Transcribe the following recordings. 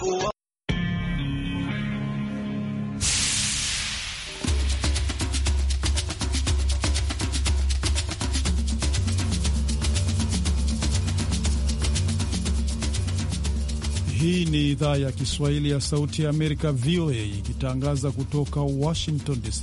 kuwa Hii ni idhaa ya Kiswahili ya Sauti ya Amerika, VOA, ikitangaza kutoka Washington DC.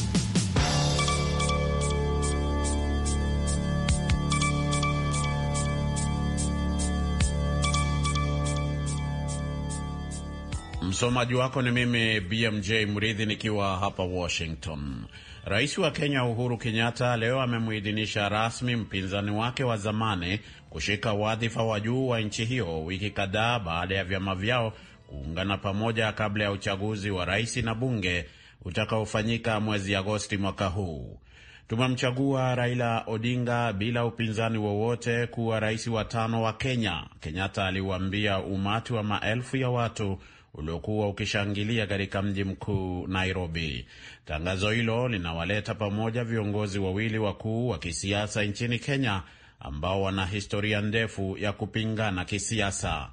Msomaji wako ni mimi BMJ Mridhi nikiwa hapa Washington. Rais wa Kenya Uhuru Kenyatta leo amemuidhinisha rasmi mpinzani wake wa zamani kushika wadhifa wa juu wa nchi hiyo, wiki kadhaa baada ya vyama vyao kuungana pamoja kabla ya uchaguzi wa rais na bunge utakaofanyika mwezi Agosti mwaka huu. Tumemchagua Raila Odinga bila upinzani wowote kuwa rais wa tano wa Kenya, Kenyatta aliuambia umati wa maelfu ya watu uliokuwa ukishangilia katika mji mkuu Nairobi. Tangazo hilo linawaleta pamoja viongozi wawili wakuu wa kisiasa nchini Kenya ambao wana historia ndefu ya kupingana kisiasa.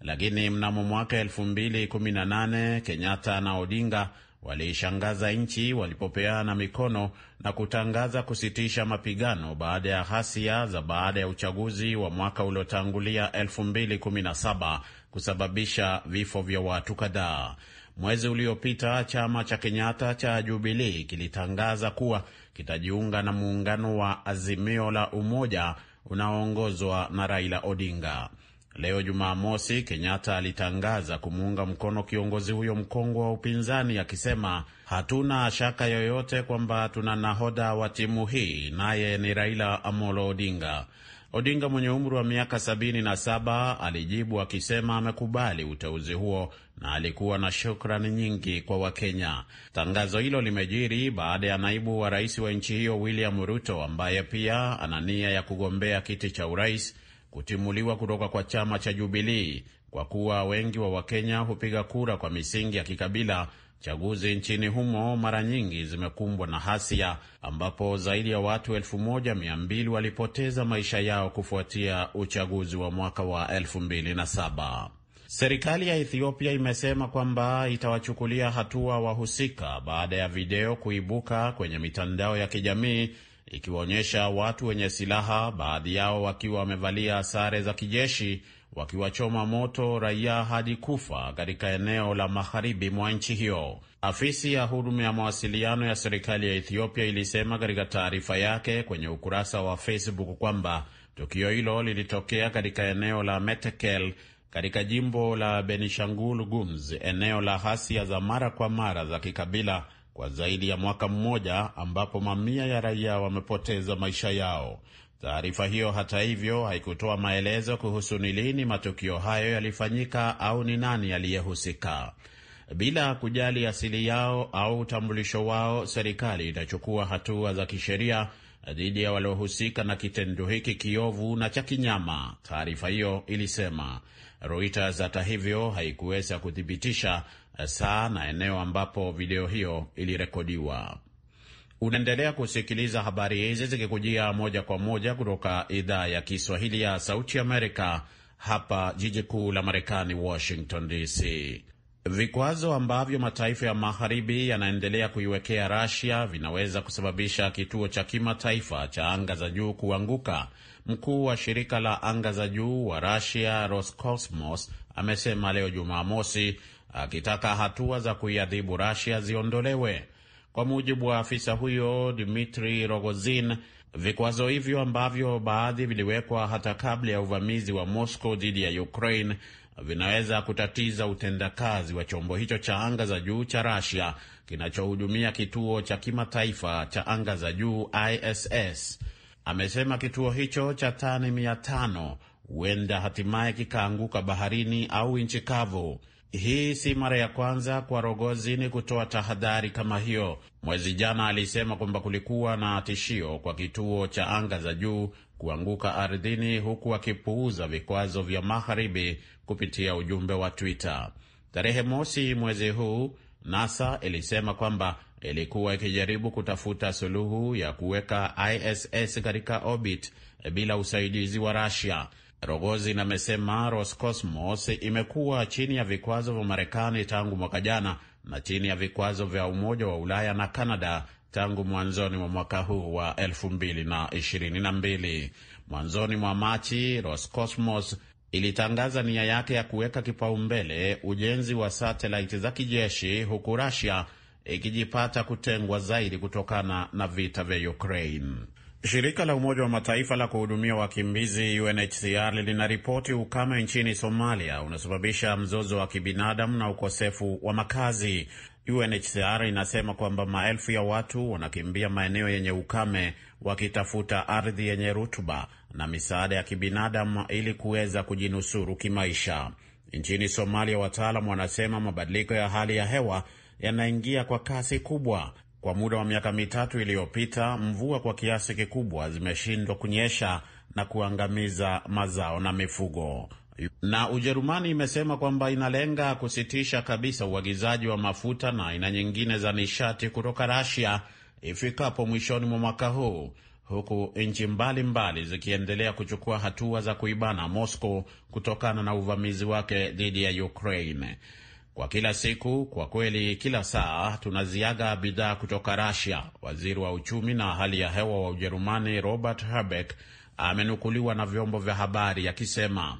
Lakini mnamo mwaka 2018 Kenyatta na Odinga waliishangaza nchi walipopeana mikono na kutangaza kusitisha mapigano baada ya ghasia za baada ya uchaguzi wa mwaka uliotangulia 217 kusababisha vifo vya watu kadhaa. Mwezi uliopita chama cha Kenyatta cha Jubilii kilitangaza kuwa kitajiunga na muungano wa Azimio la Umoja unaoongozwa na Raila Odinga. Leo Jumamosi, Kenyatta alitangaza kumuunga mkono kiongozi huyo mkongwe wa upinzani akisema, hatuna shaka yoyote kwamba tuna nahodha wa timu hii, naye ni Raila Amolo Odinga. Odinga mwenye umri wa miaka 77 alijibu akisema amekubali uteuzi huo na alikuwa na shukrani nyingi kwa Wakenya. Tangazo hilo limejiri baada ya naibu wa rais wa nchi hiyo William Ruto, ambaye pia ana nia ya kugombea kiti cha urais, kutimuliwa kutoka kwa chama cha Jubilii kwa kuwa wengi wa Wakenya hupiga kura kwa misingi ya kikabila Chaguzi nchini humo mara nyingi zimekumbwa na hasia ambapo zaidi ya watu 1200 walipoteza maisha yao kufuatia uchaguzi wa mwaka wa 27 Serikali ya Ethiopia imesema kwamba itawachukulia hatua wahusika baada ya video kuibuka kwenye mitandao ya kijamii ikiwaonyesha watu wenye silaha, baadhi yao wakiwa wamevalia sare za kijeshi wakiwachoma moto raia hadi kufa katika eneo la magharibi mwa nchi hiyo. Afisi ya huduma ya mawasiliano ya serikali ya Ethiopia ilisema katika taarifa yake kwenye ukurasa wa Facebook kwamba tukio hilo lilitokea katika eneo la Metekel katika jimbo la Benishangul gums eneo la ghasia za mara kwa mara za kikabila kwa zaidi ya mwaka mmoja, ambapo mamia ya raia wamepoteza maisha yao. Taarifa hiyo hata hivyo haikutoa maelezo kuhusu ni lini matukio hayo yalifanyika au ni nani aliyehusika. Bila kujali asili yao au utambulisho wao, serikali itachukua hatua za kisheria dhidi ya waliohusika na kitendo hiki kiovu na cha kinyama, taarifa hiyo ilisema. Reuters hata hivyo haikuweza kuthibitisha saa na eneo ambapo video hiyo ilirekodiwa. Unaendelea kusikiliza habari hizi zikikujia moja kwa moja kutoka idhaa ya Kiswahili ya Sauti Amerika, hapa jiji kuu la Marekani, Washington DC. Vikwazo ambavyo mataifa ya magharibi yanaendelea kuiwekea Rasia vinaweza kusababisha kituo cha kimataifa cha anga za juu kuanguka. Mkuu wa shirika la anga za juu wa Rasia, Roscosmos, amesema leo Jumamosi, akitaka hatua za kuiadhibu Rasia ziondolewe. Kwa mujibu wa afisa huyo Dmitri Rogozin, vikwazo hivyo ambavyo baadhi viliwekwa hata kabla ya uvamizi wa Moscow dhidi ya Ukraine vinaweza kutatiza utendakazi wa chombo hicho cha anga za juu cha Russia kinachohudumia kituo cha kimataifa cha anga za juu ISS. Amesema kituo hicho cha tani mia tano huenda hatimaye kikaanguka baharini au nchi kavu. Hii si mara ya kwanza kwa Rogozini kutoa tahadhari kama hiyo. Mwezi jana alisema kwamba kulikuwa na tishio kwa kituo cha anga za juu kuanguka ardhini, huku akipuuza vikwazo vya magharibi kupitia ujumbe wa Twitter. Tarehe mosi mwezi huu, NASA ilisema kwamba ilikuwa ikijaribu kutafuta suluhu ya kuweka ISS katika orbit bila usaidizi wa Russia Rogozi amesema Roscosmos imekuwa chini ya vikwazo vya Marekani tangu mwaka jana na chini ya vikwazo vya Umoja wa Ulaya na Kanada tangu mwanzoni mwa mwaka huu wa 2022. Mwanzoni mwa Machi, Roscosmos ilitangaza nia yake ya kuweka kipaumbele ujenzi wa satelaiti za kijeshi, huku rasia ikijipata kutengwa zaidi kutokana na vita vya Ukraine. Shirika la Umoja wa Mataifa la kuhudumia wakimbizi UNHCR linaripoti ukame nchini Somalia unasababisha mzozo wa kibinadamu na ukosefu wa makazi. UNHCR inasema kwamba maelfu ya watu wanakimbia maeneo yenye ukame wakitafuta ardhi yenye rutuba na misaada ya kibinadamu ili kuweza kujinusuru kimaisha. Nchini Somalia, wataalam wanasema mabadiliko ya hali ya hewa yanaingia kwa kasi kubwa kwa muda wa miaka mitatu iliyopita, mvua kwa kiasi kikubwa zimeshindwa kunyesha na kuangamiza mazao na mifugo. Na Ujerumani imesema kwamba inalenga kusitisha kabisa uagizaji wa mafuta na aina nyingine za nishati kutoka Rasia ifikapo mwishoni mwa mwaka huu huku nchi mbalimbali zikiendelea kuchukua hatua za kuibana Moscow kutokana na uvamizi wake dhidi ya Ukraine kwa kila siku, kwa kweli kila saa tunaziaga bidhaa kutoka Russia. Waziri wa uchumi na hali ya hewa wa Ujerumani Robert Habeck amenukuliwa na vyombo vya habari akisema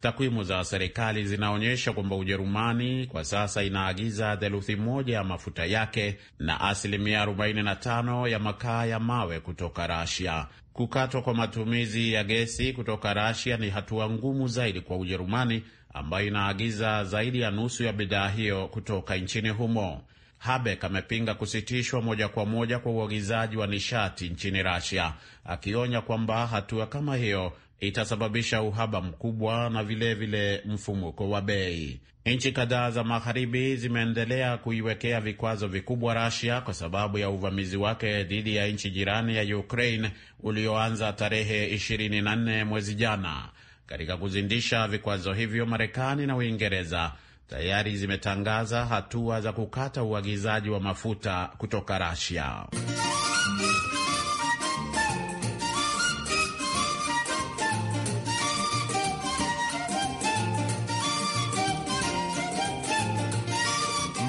Takwimu za serikali zinaonyesha kwamba Ujerumani kwa sasa inaagiza theluthi moja ya mafuta yake na asilimia 45 ya makaa ya mawe kutoka Rasia. Kukatwa kwa matumizi ya gesi kutoka Rasia ni hatua ngumu zaidi kwa Ujerumani ambayo inaagiza zaidi ya nusu ya bidhaa hiyo kutoka nchini humo. Habek amepinga kusitishwa moja kwa moja kwa uagizaji wa nishati nchini Rasia, akionya kwamba hatua kama hiyo itasababisha uhaba mkubwa na vilevile mfumuko wa bei. Nchi kadhaa za magharibi zimeendelea kuiwekea vikwazo vikubwa Russia kwa sababu ya uvamizi wake dhidi ya nchi jirani ya Ukraine ulioanza tarehe 24 mwezi jana. Katika kuzindisha vikwazo hivyo, Marekani na Uingereza tayari zimetangaza hatua za kukata uagizaji wa mafuta kutoka Russia.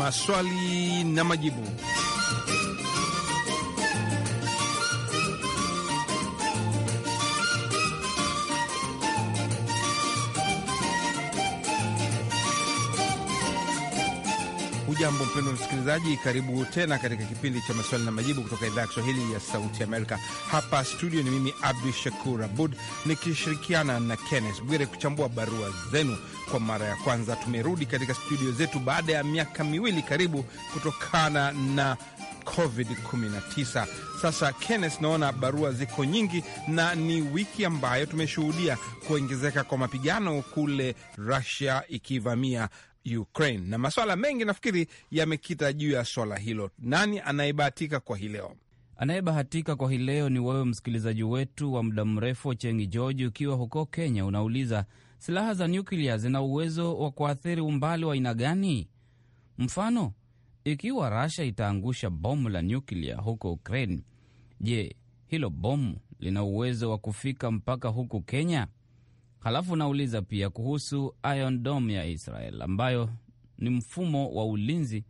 maswali na majibu. Hujambo mpendo msikilizaji, karibu tena katika kipindi cha maswali na majibu kutoka idhaa ya Kiswahili ya Sauti Amerika. Hapa studio ni mimi Abdu Shakur Abud nikishirikiana na Kenneth Bwire kuchambua barua zenu kwa mara ya kwanza. Tumerudi katika studio zetu baada ya miaka miwili karibu kutokana na COVID-19. Sasa Kenneth, naona barua ziko nyingi na ni wiki ambayo tumeshuhudia kuongezeka kwa mapigano kule Russia ikivamia Ukraine, na maswala mengi nafikiri yamekita juu ya swala hilo. Nani anayebahatika kwa hii leo? Anayebahatika kwa hii leo ni wewe msikilizaji wetu wa muda mrefu Chengi George, ukiwa huko Kenya. Unauliza, silaha za nyuklia zina uwezo wa kuathiri umbali wa aina gani? Mfano, ikiwa Rasha itaangusha bomu la nyuklia huko Ukraine, je, hilo bomu lina uwezo wa kufika mpaka huku Kenya? Halafu nauliza pia kuhusu Iron Dome ya Israel ambayo ni mfumo wa ulinzi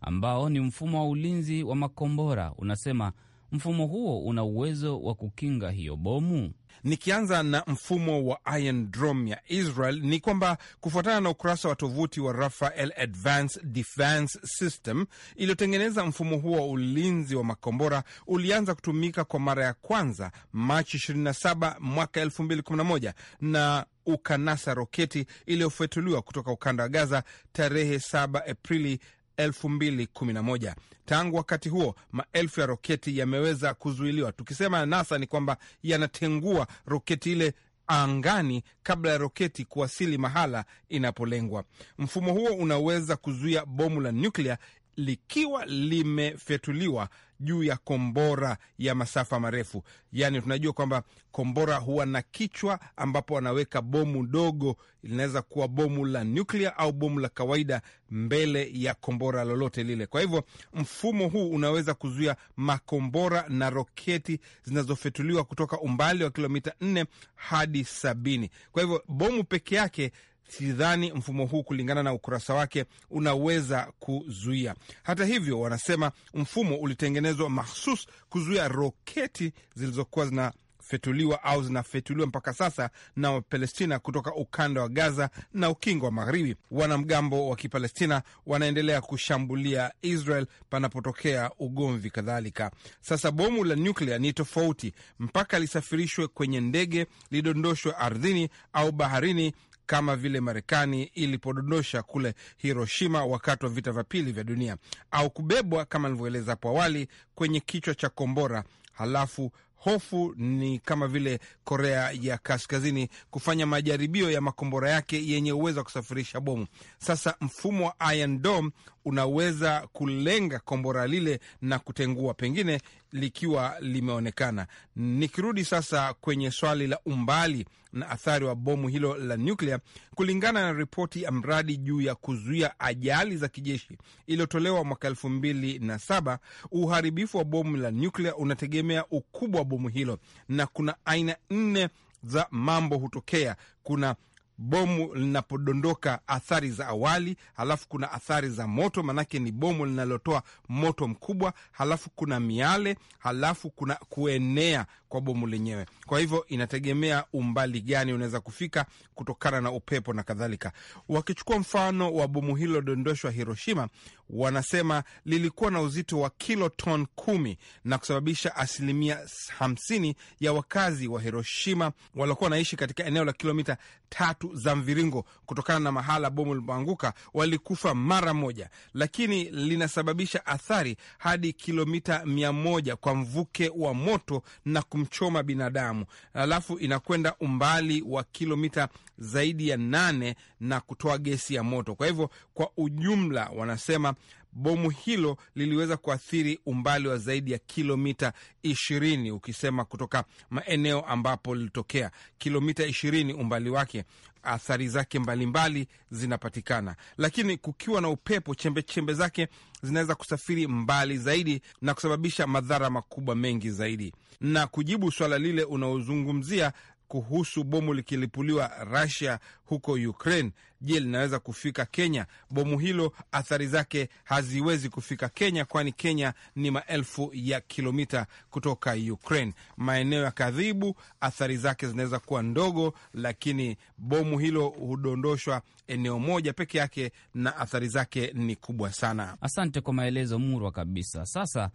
ambao ni mfumo wa ulinzi wa makombora. Unasema mfumo huo una uwezo wa kukinga hiyo bomu? Nikianza na mfumo wa Iron Dome ya Israel ni kwamba kufuatana na ukurasa wa tovuti wa Rafael Advanced Defense System iliyotengeneza mfumo huo wa ulinzi wa makombora ulianza kutumika kwa mara ya kwanza Machi 27 mwaka 2011 na ukanasa roketi iliyofetuliwa kutoka ukanda wa Gaza tarehe 7 Aprili 2011. Tangu wakati huo maelfu ya roketi yameweza kuzuiliwa. Tukisema ya NASA ni kwamba yanatengua roketi ile angani kabla ya roketi kuwasili mahala inapolengwa. Mfumo huo unaweza kuzuia bomu la nyuklia likiwa limefyatuliwa juu ya kombora ya masafa marefu. Yaani, tunajua kwamba kombora huwa na kichwa ambapo wanaweka bomu dogo, linaweza kuwa bomu la nyuklia au bomu la kawaida mbele ya kombora lolote lile. Kwa hivyo mfumo huu unaweza kuzuia makombora na roketi zinazofyatuliwa kutoka umbali wa kilomita 4 hadi sabini. Kwa hivyo bomu peke yake sidhani mfumo huu kulingana na ukurasa wake unaweza kuzuia. Hata hivyo, wanasema mfumo ulitengenezwa mahsus kuzuia roketi zilizokuwa zinafetuliwa au zinafetuliwa mpaka sasa na Wapalestina kutoka ukanda wa Gaza na ukingo wa Magharibi. Wanamgambo wa Kipalestina wanaendelea kushambulia Israel panapotokea ugomvi kadhalika. Sasa bomu la nyuklia ni tofauti, mpaka lisafirishwe kwenye ndege, lidondoshwe ardhini au baharini kama vile Marekani ilipodondosha kule Hiroshima wakati wa vita vya pili vya dunia, au kubebwa kama nilivyoeleza hapo awali kwenye kichwa cha kombora. Halafu hofu ni kama vile Korea ya Kaskazini kufanya majaribio ya makombora yake yenye uwezo wa kusafirisha bomu. Sasa mfumo wa Iron Dome unaweza kulenga kombora lile na kutengua, pengine likiwa limeonekana. Nikirudi sasa kwenye swali la umbali na athari wa bomu hilo la nyuklia, kulingana na ripoti ya mradi juu ya kuzuia ajali za kijeshi iliyotolewa mwaka elfu mbili na saba. Uharibifu wa bomu la nyuklia unategemea ukubwa wa bomu hilo, na kuna aina nne za mambo hutokea. Kuna bomu linapodondoka, athari za awali, halafu kuna athari za moto, maanake ni bomu linalotoa moto mkubwa, halafu kuna miale, halafu kuna kuenea kwa bomu lenyewe. Kwa hivyo inategemea umbali gani unaweza kufika kutokana na upepo na kadhalika. Wakichukua mfano wa bomu hilo dondoshwa Hiroshima, wanasema lilikuwa na uzito wa kiloton kumi na kusababisha asilimia hamsini ya wakazi wa Hiroshima waliokuwa wanaishi katika eneo la kilomita tatu tatu za mviringo kutokana na mahala bomu lilipoanguka, walikufa mara moja, lakini linasababisha athari hadi kilomita mia moja kwa mvuke wa moto na kumchoma binadamu, alafu inakwenda umbali wa kilomita zaidi ya nane na kutoa gesi ya moto. Kwa hivyo kwa ujumla wanasema bomu hilo liliweza kuathiri umbali wa zaidi ya kilomita ishirini ukisema kutoka maeneo ambapo lilitokea kilomita ishirini umbali wake athari zake mbalimbali zinapatikana, lakini kukiwa na upepo, chembechembe zake zinaweza kusafiri mbali zaidi na kusababisha madhara makubwa mengi zaidi. Na kujibu swala lile unaozungumzia kuhusu bomu likilipuliwa rasia huko Ukraine. Je, linaweza kufika Kenya? Bomu hilo athari zake haziwezi kufika Kenya, kwani Kenya ni maelfu ya kilomita kutoka Ukraine. Maeneo ya kadhibu, athari zake zinaweza kuwa ndogo, lakini bomu hilo hudondoshwa eneo moja peke yake na athari zake ni kubwa sana. Asante kwa maelezo murwa kabisa. Sasa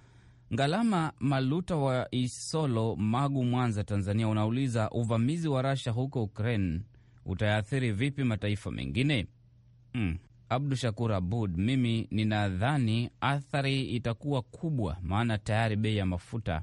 Ngalama Maluta wa Isolo, Magu, Mwanza, Tanzania, unauliza uvamizi wa Rasha huko Ukraine utayathiri vipi mataifa mengine? Hmm. Abdu Shakur Abud, mimi ninadhani athari itakuwa kubwa, maana tayari bei ya mafuta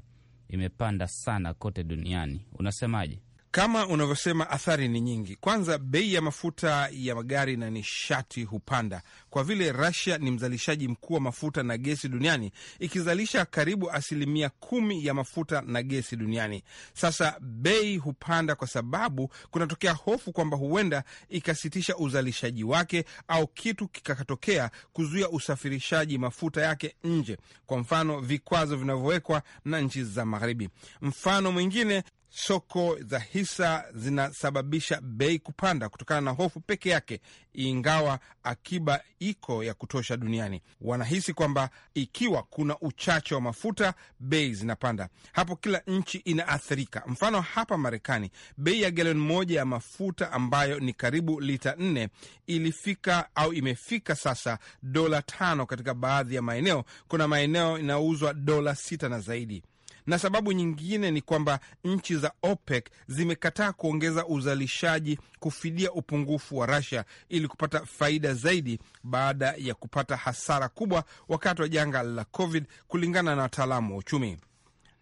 imepanda sana kote duniani. Unasemaje? Kama unavyosema athari ni nyingi. Kwanza, bei ya mafuta ya magari na nishati hupanda kwa vile Russia ni mzalishaji mkuu wa mafuta na gesi duniani, ikizalisha karibu asilimia kumi ya mafuta na gesi duniani. Sasa bei hupanda kwa sababu kunatokea hofu kwamba huenda ikasitisha uzalishaji wake au kitu kikatokea kuzuia usafirishaji mafuta yake nje, kwa mfano vikwazo vinavyowekwa na nchi za Magharibi. Mfano mwingine soko za hisa zinasababisha bei kupanda kutokana na hofu peke yake, ingawa akiba iko ya kutosha duniani. Wanahisi kwamba ikiwa kuna uchache wa mafuta, bei zinapanda. Hapo kila nchi inaathirika. Mfano, hapa Marekani bei ya galoni moja ya mafuta ambayo ni karibu lita nne ilifika au imefika sasa dola tano katika baadhi ya maeneo. Kuna maeneo inauzwa dola sita na zaidi na sababu nyingine ni kwamba nchi za OPEC zimekataa kuongeza uzalishaji kufidia upungufu wa Russia ili kupata faida zaidi baada ya kupata hasara kubwa wakati wa janga la COVID, kulingana na wataalamu wa uchumi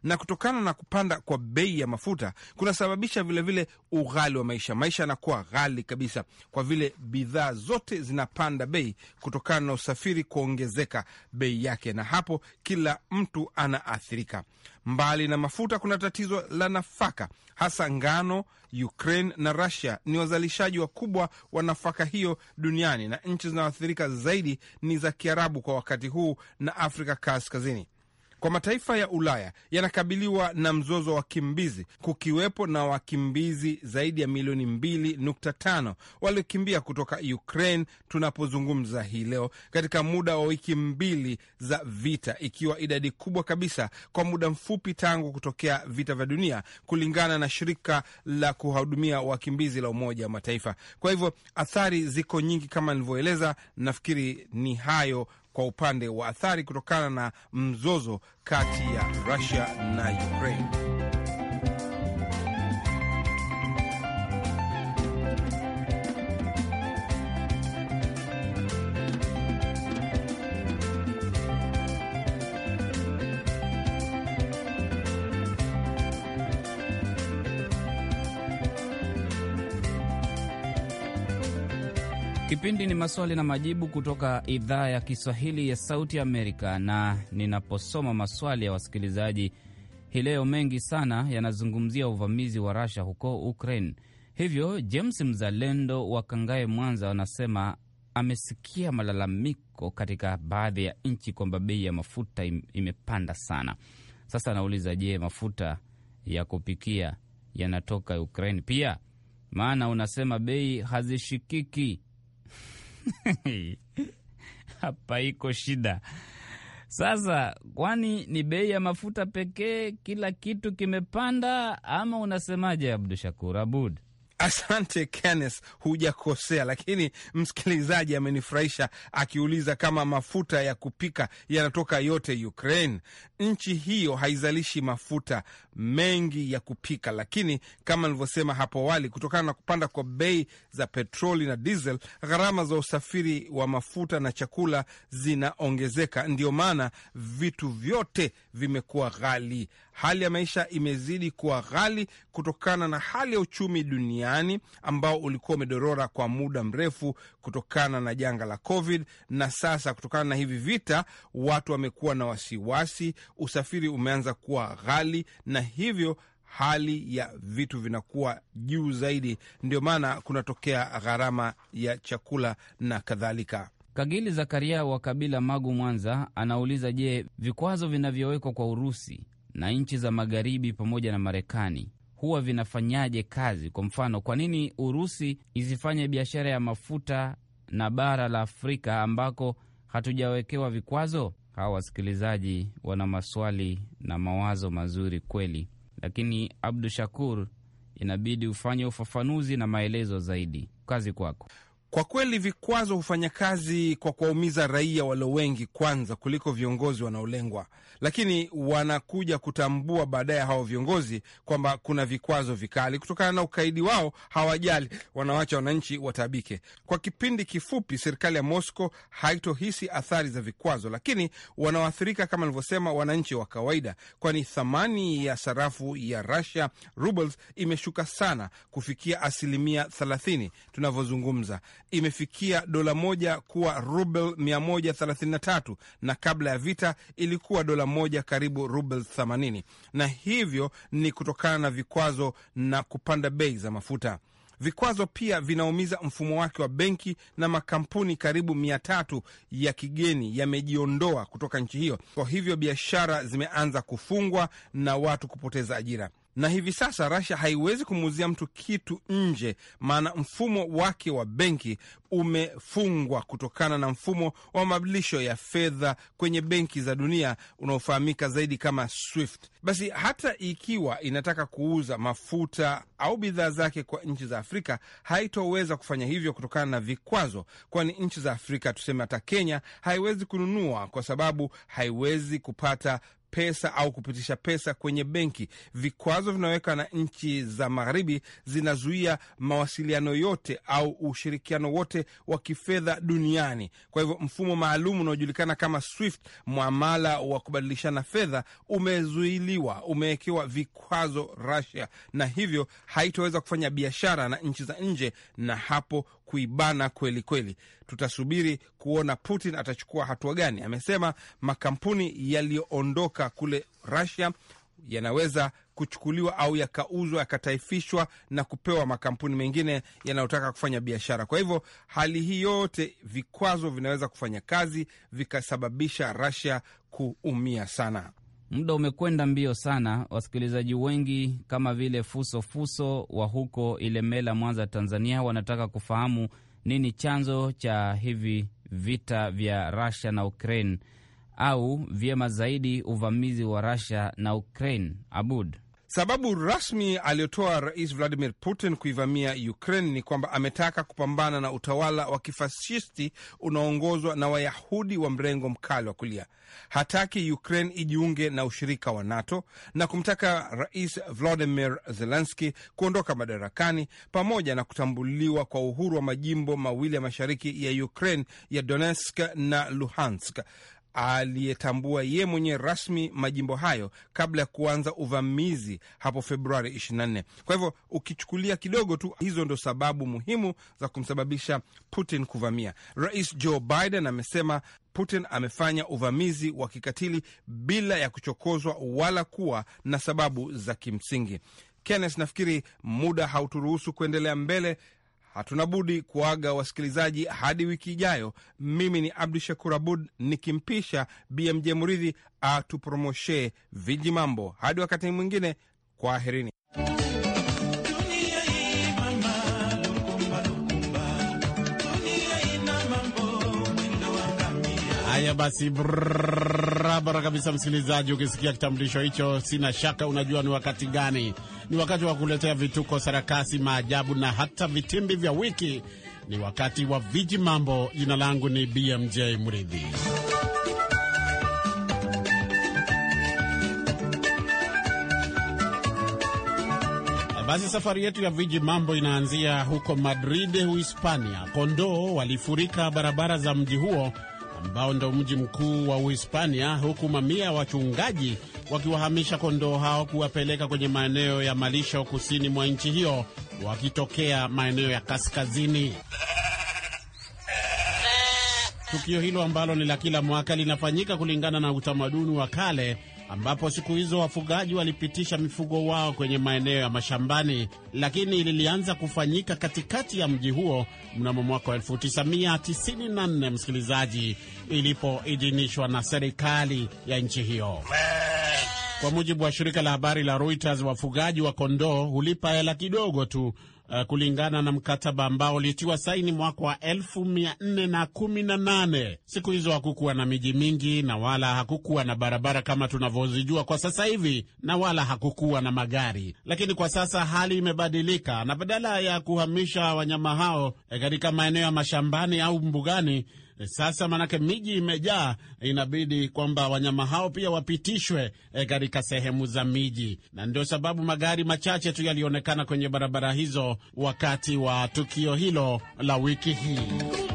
na kutokana na kupanda kwa bei ya mafuta kunasababisha vilevile ughali wa maisha. Maisha yanakuwa ghali kabisa, kwa vile bidhaa zote zinapanda bei kutokana na usafiri kuongezeka bei yake, na hapo kila mtu anaathirika. Mbali na mafuta, kuna tatizo la nafaka, hasa ngano. Ukraine na Russia ni wazalishaji wakubwa wa nafaka hiyo duniani, na nchi zinazoathirika zaidi ni za Kiarabu kwa wakati huu na Afrika Kaskazini kwa mataifa ya Ulaya yanakabiliwa na mzozo wa wakimbizi, kukiwepo na wakimbizi zaidi ya milioni 2.5 waliokimbia kutoka Ukraine tunapozungumza hii leo, katika muda wa wiki mbili za vita, ikiwa idadi kubwa kabisa kwa muda mfupi tangu kutokea vita vya dunia, kulingana na shirika la kuhudumia wakimbizi la Umoja wa Mataifa. Kwa hivyo athari ziko nyingi kama nilivyoeleza. Nafikiri ni hayo kwa upande wa athari kutokana na mzozo kati ya Rusia na Ukraine. Kipindi ni maswali na majibu kutoka idhaa ya Kiswahili ya Sauti Amerika, na ninaposoma maswali ya wasikilizaji hii leo, mengi sana yanazungumzia uvamizi wa Rasha huko Ukraine. Hivyo James Mzalendo wa Kangae, Mwanza, anasema amesikia malalamiko katika baadhi ya nchi kwamba bei ya mafuta imepanda sana. Sasa anauliza, je, mafuta ya kupikia yanatoka Ukraine pia? Maana unasema bei hazishikiki. hapa iko shida sasa, kwani ni bei ya mafuta pekee kila kitu kimepanda, ama unasemaje, Abdu Shakur Abud? Asante Kenneth, hujakosea, lakini msikilizaji amenifurahisha akiuliza kama mafuta ya kupika yanatoka yote Ukraine. Nchi hiyo haizalishi mafuta mengi ya kupika, lakini kama nilivyosema hapo awali, kutokana na kupanda kwa bei za petroli na diesel, gharama za usafiri wa mafuta na chakula zinaongezeka. Ndiyo maana vitu vyote vimekuwa ghali. Hali ya maisha imezidi kuwa ghali kutokana na hali ya uchumi duniani ambao ulikuwa umedorora kwa muda mrefu kutokana na janga la COVID, na sasa kutokana na hivi vita, watu wamekuwa na wasiwasi, usafiri umeanza kuwa ghali, na hivyo hali ya vitu vinakuwa juu zaidi, ndio maana kunatokea gharama ya chakula na kadhalika. Kagili Zakaria wa kabila Magu, Mwanza, anauliza je, vikwazo vinavyowekwa kwa Urusi na nchi za magharibi pamoja na Marekani huwa vinafanyaje kazi? Kwa mfano, kwa nini Urusi isifanye biashara ya mafuta na bara la Afrika ambako hatujawekewa vikwazo? Hawa wasikilizaji wana maswali na mawazo mazuri kweli, lakini Abdu Shakur, inabidi ufanye ufafanuzi na maelezo zaidi. Kazi kwako. Kwa kweli vikwazo hufanya kazi kwa kuwaumiza raia walio wengi kwanza kuliko viongozi wanaolengwa, lakini wanakuja kutambua baadaye hawa viongozi kwamba kuna vikwazo vikali. Kutokana na ukaidi wao, hawajali, wanawacha wananchi watabike. Kwa kipindi kifupi, serikali ya Moscow haitohisi athari za vikwazo, lakini wanaoathirika kama alivyosema wananchi wa kawaida, kwani thamani ya sarafu ya Russia rubles imeshuka sana kufikia asilimia 30 tunavyozungumza imefikia dola moja kuwa rubel 133 na kabla ya vita ilikuwa dola moja karibu rubel 80, na hivyo ni kutokana na vikwazo na kupanda bei za mafuta. Vikwazo pia vinaumiza mfumo wake wa benki na makampuni karibu mia tatu ya kigeni yamejiondoa kutoka nchi hiyo. Kwa hivyo biashara zimeanza kufungwa na watu kupoteza ajira na hivi sasa Russia haiwezi kumuuzia mtu kitu nje, maana mfumo wake wa benki umefungwa kutokana na mfumo wa mabadilisho ya fedha kwenye benki za dunia unaofahamika zaidi kama SWIFT. Basi hata ikiwa inataka kuuza mafuta au bidhaa zake kwa nchi za Afrika haitoweza kufanya hivyo kutokana na vikwazo, kwani nchi za Afrika tuseme, hata Kenya haiwezi kununua kwa sababu haiwezi kupata pesa au kupitisha pesa kwenye benki. Vikwazo vinaweka na nchi za magharibi zinazuia mawasiliano yote au ushirikiano wote wa kifedha duniani. Kwa hivyo mfumo maalum unaojulikana kama SWIFT, mwamala wa kubadilishana fedha, umezuiliwa, umewekewa vikwazo Russia, na hivyo haitoweza kufanya biashara na nchi za nje, na hapo kuibana kweli kweli. Tutasubiri kuona Putin atachukua hatua gani. Amesema makampuni yaliyoondoka kule Russia yanaweza kuchukuliwa au yakauzwa yakataifishwa na kupewa makampuni mengine yanayotaka kufanya biashara. Kwa hivyo hali hii yote, vikwazo vinaweza kufanya kazi vikasababisha Russia kuumia sana. Muda umekwenda mbio sana, wasikilizaji wengi kama vile Fuso Fuso wa huko Ilemela, Mwanza, Tanzania, wanataka kufahamu nini chanzo cha hivi vita vya Russia na Ukraine, au vyema zaidi uvamizi wa Russia na Ukraine. Abud Sababu rasmi aliyotoa Rais Vladimir Putin kuivamia Ukraine ni kwamba ametaka kupambana na utawala wa kifasisti unaoongozwa na Wayahudi wa mrengo mkali wa kulia. Hataki Ukraine ijiunge na ushirika wa NATO na kumtaka Rais vladimir zelenski kuondoka madarakani, pamoja na kutambuliwa kwa uhuru wa majimbo mawili ya mashariki ya Ukraine ya Donetsk na Luhansk aliyetambua ye mwenyewe rasmi majimbo hayo kabla ya kuanza uvamizi hapo Februari 24. Kwa hivyo ukichukulia kidogo tu, hizo ndo sababu muhimu za kumsababisha Putin kuvamia. Rais Joe Biden amesema Putin amefanya uvamizi wa kikatili bila ya kuchokozwa wala kuwa na sababu za kimsingi. Kenneth, nafikiri muda hauturuhusu kuendelea mbele hatuna budi kuaga wasikilizaji hadi wiki ijayo. Mimi ni Abdu Shakur Abud nikimpisha BMJ Muridhi atupromoshe viji mambo. Hadi wakati mwingine, kwaherini. Haya basi, barabara kabisa msikilizaji, ukisikia kitambulisho hicho, sina shaka unajua ni wakati gani ni wakati wa kuletea vituko, sarakasi, maajabu na hata vitimbi vya wiki. Ni wakati wa viji mambo. Jina langu ni BMJ Mridhi. Basi safari yetu ya viji mambo inaanzia huko Madrid, Uhispania. Kondoo walifurika barabara za mji huo ambao ndio mji mkuu wa Uhispania, huku mamia ya wachungaji wakiwahamisha kondoo hao kuwapeleka kwenye maeneo ya malisho kusini mwa nchi hiyo wakitokea maeneo ya kaskazini. Tukio hilo ambalo ni la kila mwaka linafanyika kulingana na utamaduni wa kale ambapo siku hizo wafugaji walipitisha mifugo wao kwenye maeneo ya mashambani, lakini lilianza kufanyika katikati ya mji huo mnamo mwaka 1994, msikilizaji, ilipoidhinishwa na serikali ya nchi hiyo. Kwa mujibu wa shirika la habari la Reuters, wafugaji wa kondoo hulipa hela kidogo tu uh, kulingana na mkataba ambao ulitiwa saini mwaka wa elfu mia nne na kumi na nane. Siku hizo hakukuwa na miji mingi na wala hakukuwa na barabara kama tunavyozijua kwa sasa hivi na wala hakukuwa na magari, lakini kwa sasa hali imebadilika, na badala ya kuhamisha wanyama hao eh, katika maeneo ya mashambani au mbugani sasa manake miji imejaa, inabidi kwamba wanyama hao pia wapitishwe eh, katika sehemu za miji, na ndio sababu magari machache tu yalionekana kwenye barabara hizo wakati wa tukio hilo la wiki hii.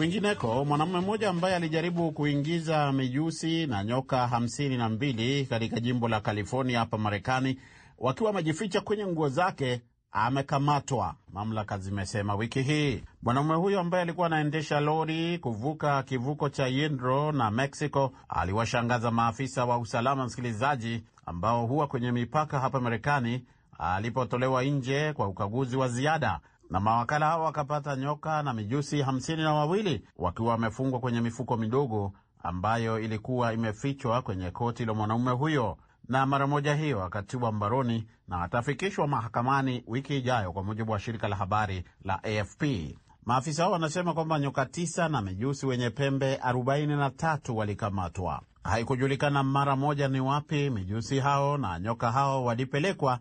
Kwingineko, mwanamume mmoja ambaye alijaribu kuingiza mijusi na nyoka hamsini na mbili katika jimbo la California hapa Marekani wakiwa wamejificha kwenye nguo zake amekamatwa, mamlaka zimesema wiki hii. Mwanamume huyo ambaye alikuwa anaendesha lori kuvuka kivuko cha Yindro na Mexico aliwashangaza maafisa wa usalama, msikilizaji, ambao huwa kwenye mipaka hapa Marekani, alipotolewa nje kwa ukaguzi wa ziada na mawakala hao wakapata nyoka na mijusi hamsini na wawili wakiwa wamefungwa kwenye mifuko midogo ambayo ilikuwa imefichwa kwenye koti la mwanaume huyo, na mara moja hiyo akatiwa mbaroni na atafikishwa mahakamani wiki ijayo, kwa mujibu wa shirika la habari la AFP. Maafisa hao wanasema kwamba nyoka tisa na mijusi wenye pembe 43 walikamatwa. Haikujulikana mara moja ni wapi mijusi hao na nyoka hao walipelekwa,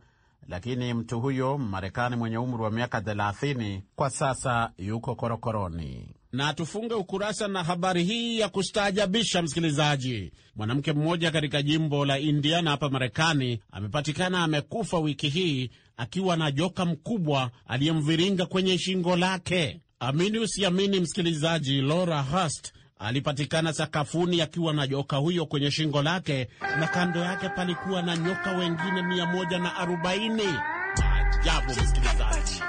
lakini mtu huyo Marekani mwenye umri wa miaka 30 kwa sasa yuko korokoroni. Na tufunge ukurasa na habari hii ya kustaajabisha msikilizaji. Mwanamke mmoja katika jimbo la Indiana hapa Marekani amepatikana amekufa wiki hii akiwa na joka mkubwa aliyemviringa kwenye shingo lake. Amini usiamini, msikilizaji, Laura Hurst alipatikana sakafuni akiwa na joka huyo kwenye shingo lake, na kando yake palikuwa na nyoka wengine 140. moja Maajabu, msikilizaji.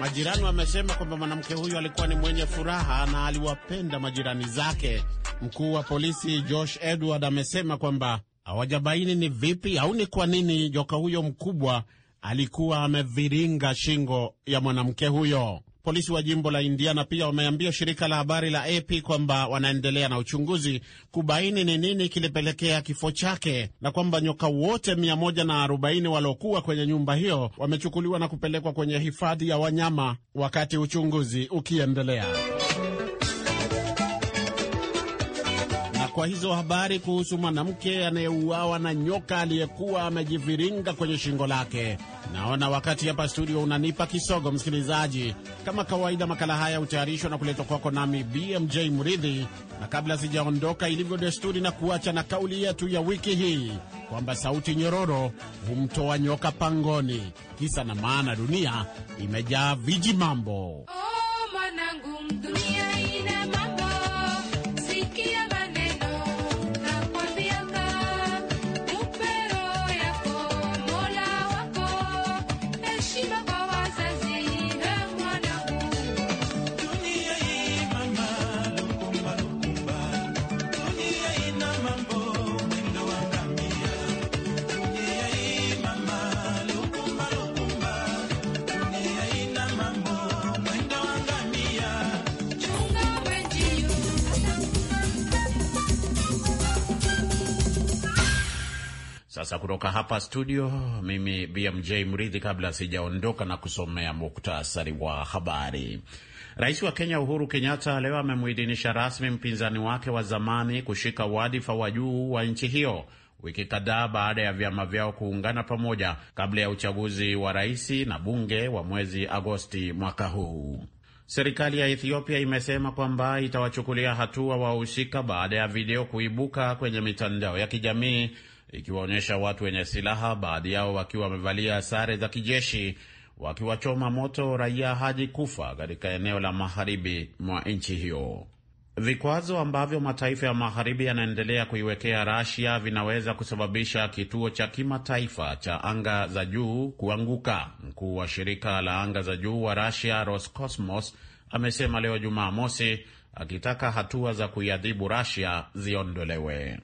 Majirani wamesema kwamba mwanamke huyo alikuwa ni mwenye furaha na aliwapenda majirani zake. Mkuu wa polisi Josh Edward amesema kwamba hawajabaini ni vipi au ni kwa nini joka huyo mkubwa alikuwa ameviringa shingo ya mwanamke huyo. Polisi wa jimbo la Indiana pia wameambia shirika la habari la AP kwamba wanaendelea na uchunguzi kubaini ni nini kilipelekea kifo chake na kwamba nyoka wote 140 waliokuwa kwenye nyumba hiyo wamechukuliwa na kupelekwa kwenye hifadhi ya wanyama wakati uchunguzi ukiendelea. kwa hizo habari kuhusu mwanamke anayeuawa na nyoka aliyekuwa amejiviringa kwenye shingo lake. Naona wakati hapa studio unanipa kisogo, msikilizaji. Kama kawaida, makala haya hutayarishwa na kuletwa kwako nami BMJ Mridhi, na kabla sijaondoka, ilivyo desturi, na kuacha na kauli yetu ya wiki hii kwamba sauti nyororo humtoa nyoka pangoni. Kisa na maana, dunia imejaa viji mambo. Oh, dunia Sasa kutoka hapa studio, mimi BMJ Mridhi, kabla sijaondoka na kusomea muktasari wa habari. Rais wa Kenya Uhuru Kenyatta leo amemuidhinisha rasmi mpinzani wake wa zamani kushika wadhifa wa juu wa nchi hiyo wiki kadhaa baada ya vyama vyao kuungana pamoja kabla ya uchaguzi wa rais na bunge wa mwezi Agosti mwaka huu. Serikali ya Ethiopia imesema kwamba itawachukulia hatua wahusika baada ya video kuibuka kwenye mitandao ya kijamii ikiwaonyesha watu wenye silaha, baadhi yao wakiwa wamevalia sare za kijeshi, wakiwachoma moto raia hadi kufa katika eneo la magharibi mwa nchi hiyo. Vikwazo ambavyo mataifa ya magharibi yanaendelea kuiwekea Rasia vinaweza kusababisha kituo cha kimataifa cha anga za juu kuanguka. Mkuu wa shirika la anga za juu wa Rasia, Roscosmos, amesema leo Jumaa mosi akitaka hatua za kuiadhibu Rasia ziondolewe.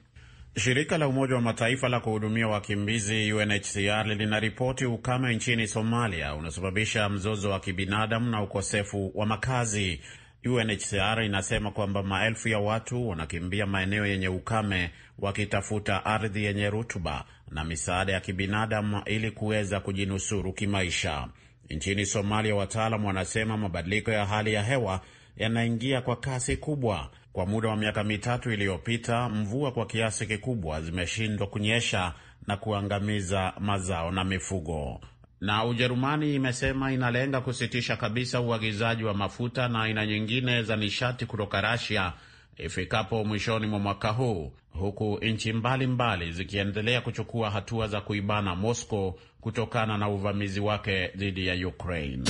Shirika la Umoja wa Mataifa la kuhudumia wakimbizi UNHCR linaripoti ukame nchini Somalia unasababisha mzozo wa kibinadamu na ukosefu wa makazi. UNHCR inasema kwamba maelfu ya watu wanakimbia maeneo yenye ukame wakitafuta ardhi yenye rutuba na misaada ya kibinadamu ili kuweza kujinusuru kimaisha. Nchini Somalia, wataalam wanasema mabadiliko ya hali ya hewa yanaingia kwa kasi kubwa kwa muda wa miaka mitatu iliyopita, mvua kwa kiasi kikubwa zimeshindwa kunyesha na kuangamiza mazao na mifugo. Na Ujerumani imesema inalenga kusitisha kabisa uagizaji wa mafuta na aina nyingine za nishati kutoka Rasia ifikapo mwishoni mwa mwaka huu, huku nchi mbalimbali zikiendelea kuchukua hatua za kuibana Moscow kutokana na uvamizi wake dhidi ya Ukraine.